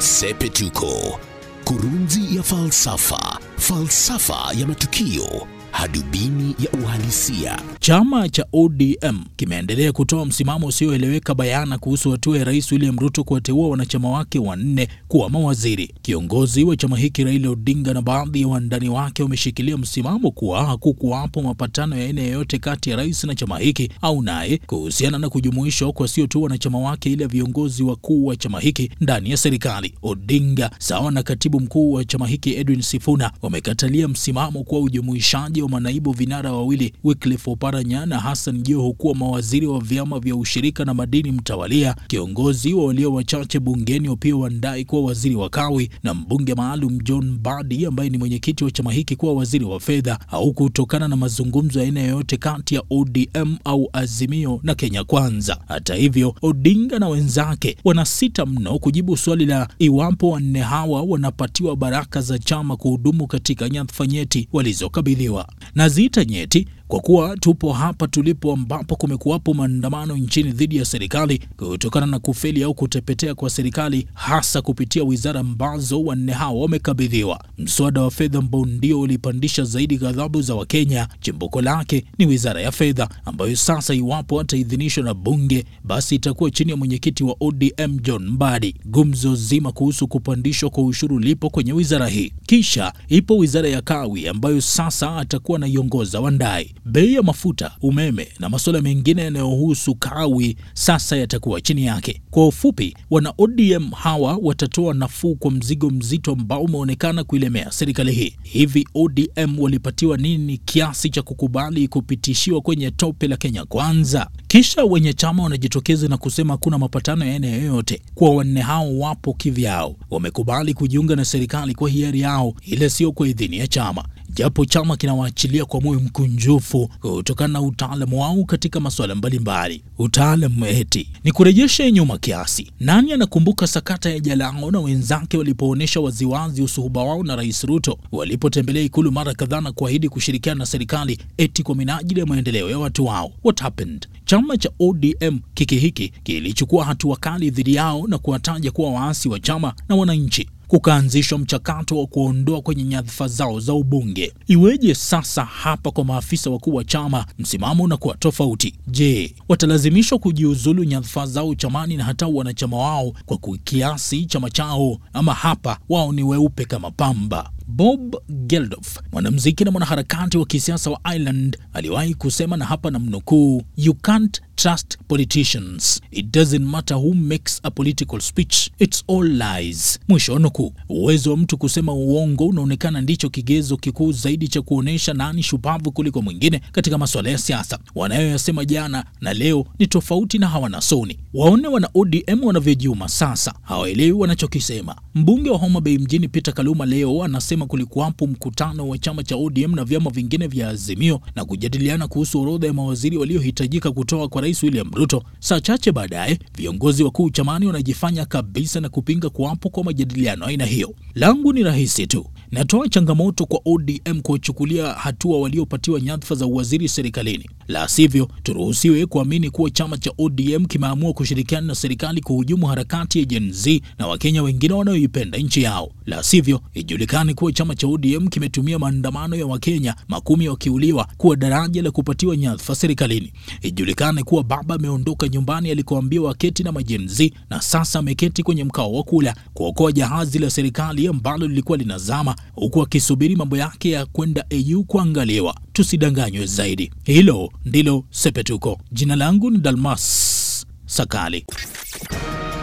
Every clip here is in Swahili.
Sepetuko, kurunzi ya falsafa, falsafa ya matukio hadubini ya uhalisia. Chama cha ODM kimeendelea kutoa msimamo usioeleweka bayana kuhusu hatua ya Rais William Ruto kuwateua wanachama wake wanne kuwa mawaziri. Kiongozi wa chama hiki Raila Odinga na baadhi ya wandani wake wameshikilia msimamo kuwa hakukuwapo mapatano ya aina yoyote kati ya rais na chama hiki au naye kuhusiana na kujumuishwa kwa sio tu wanachama wake ila viongozi wakuu wa chama hiki ndani ya serikali. Odinga sawa na katibu mkuu wa chama hiki Edwin Sifuna wamekatalia msimamo kuwa ujumuishaji hiyo manaibu vinara wawili Wycliffe Oparanya na Hassan Joho kuwa mawaziri wa vyama vya ushirika na madini mtawalia, kiongozi wa walio wachache bungeni Opiyo Wandayi kuwa waziri wa kawi na mbunge maalum John Mbadi ambaye ni mwenyekiti wa chama hiki kuwa waziri wa fedha, haukutokana na mazungumzo ya aina yoyote kati ya ODM au Azimio na Kenya Kwanza. Hata hivyo, Odinga na wenzake wanasita mno kujibu swali la iwapo wanne hawa wanapatiwa baraka za chama kuhudumu katika nyadhifa nyeti walizokabidhiwa na ziita nyeti kwa kuwa tupo hapa tulipo, ambapo kumekuwapo maandamano nchini dhidi ya serikali kutokana na kufeli au kutepetea kwa serikali, hasa kupitia wizara ambazo wanne hao wamekabidhiwa. Mswada wa fedha ambao ndio ulipandisha zaidi ghadhabu za Wakenya, chimbuko lake ni wizara ya fedha, ambayo sasa, iwapo hataidhinishwa na bunge, basi itakuwa chini ya mwenyekiti wa ODM John Mbadi. Gumzo zima kuhusu kupandishwa kwa ushuru lipo kwenye wizara hii. Kisha ipo wizara ya kawi ambayo sasa atakuwa na iongoza Wandai bei ya mafuta, umeme na masuala mengine yanayohusu kawi sasa yatakuwa chini yake. Kwa ufupi, wana ODM hawa watatoa nafuu kwa mzigo mzito ambao umeonekana kuilemea serikali hii. Hivi ODM walipatiwa nini kiasi cha kukubali kupitishiwa kwenye tope la Kenya Kwanza? Kisha wenye chama wanajitokeza na kusema kuna mapatano ya aina yoyote. Kwa wanne hao wapo kivyao, wamekubali kujiunga na serikali kwa hiari yao, ile sio kwa idhini ya chama japo chama kinawaachilia kwa moyo mkunjufu kutokana na utaalamu wao katika masuala mbalimbali. Utaalamu eti ni kurejeshe nyuma kiasi. Nani anakumbuka sakata ya Jalao na wenzake walipoonyesha waziwazi usuhuba wao na Rais Ruto walipotembelea Ikulu mara kadhaa na kuahidi kushirikiana na serikali eti kwa minajili ya maendeleo ya watu wao? What happened? Chama cha ODM kiki hiki kilichukua hatua kali dhidi yao na kuwataja kuwa waasi wa chama na wananchi kukaanzishwa mchakato wa kuondoa kwenye nyadhifa zao za ubunge. Iweje sasa hapa kwa maafisa wakuu wa chama, msimamo unakuwa tofauti. Je, watalazimishwa kujiuzulu nyadhifa zao chamani na hata wanachama wao kwa kiasi chama chao, ama hapa wao ni weupe kama pamba? Bob Geldof, mwanamuziki na mwanaharakati wa kisiasa wa Ireland, aliwahi kusema na hapa na mnukuu, you can't trust politicians it doesn't matter who makes a political speech it's all lies, mwisho wa nukuu. Uwezo wa mtu kusema uongo unaonekana ndicho kigezo kikuu zaidi cha kuonesha nani shupavu kuliko mwingine katika masuala ya siasa. Wanayoyasema jana na leo ni tofauti na hawana soni. Waone wana ODM wanavyojiuma sasa, hawaelewi wanachokisema. Mbunge wa Homa Bay mjini Peter Kaluma leo anasema amesema kulikuwapo mkutano wa chama cha ODM na vyama vingine vya Azimio na kujadiliana kuhusu orodha ya mawaziri waliohitajika kutoa kwa Rais William Ruto. Saa chache baadaye, viongozi wakuu chamani wanajifanya kabisa na kupinga kuwapo kwa majadiliano aina hiyo. Langu ni rahisi tu Natoa changamoto kwa ODM kuwachukulia hatua waliopatiwa nyadhifa za uwaziri serikalini, la sivyo turuhusiwe kuamini kuwa chama cha ODM kimeamua kushirikiana na serikali kuhujumu harakati ya Gen Z na Wakenya wengine wanaoipenda nchi yao. La sivyo ijulikane kuwa chama cha ODM kimetumia maandamano ya Wakenya makumi wakiuliwa kuwa daraja la kupatiwa nyadhifa serikalini. Ijulikane kuwa baba ameondoka nyumbani alikoambia waketi na majen Z na sasa ameketi kwenye mkao wa kula kuokoa jahazi la serikali ambalo lilikuwa linazama huku akisubiri mambo yake ya kwenda AU kuangaliwa. Tusidanganywe zaidi, hilo ndilo Sepetuko. Jina langu ni Dalmas Sakali.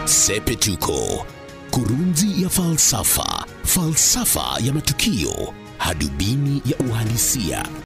Sepetuko, kurunzi ya falsafa, falsafa ya matukio, hadubini ya uhalisia.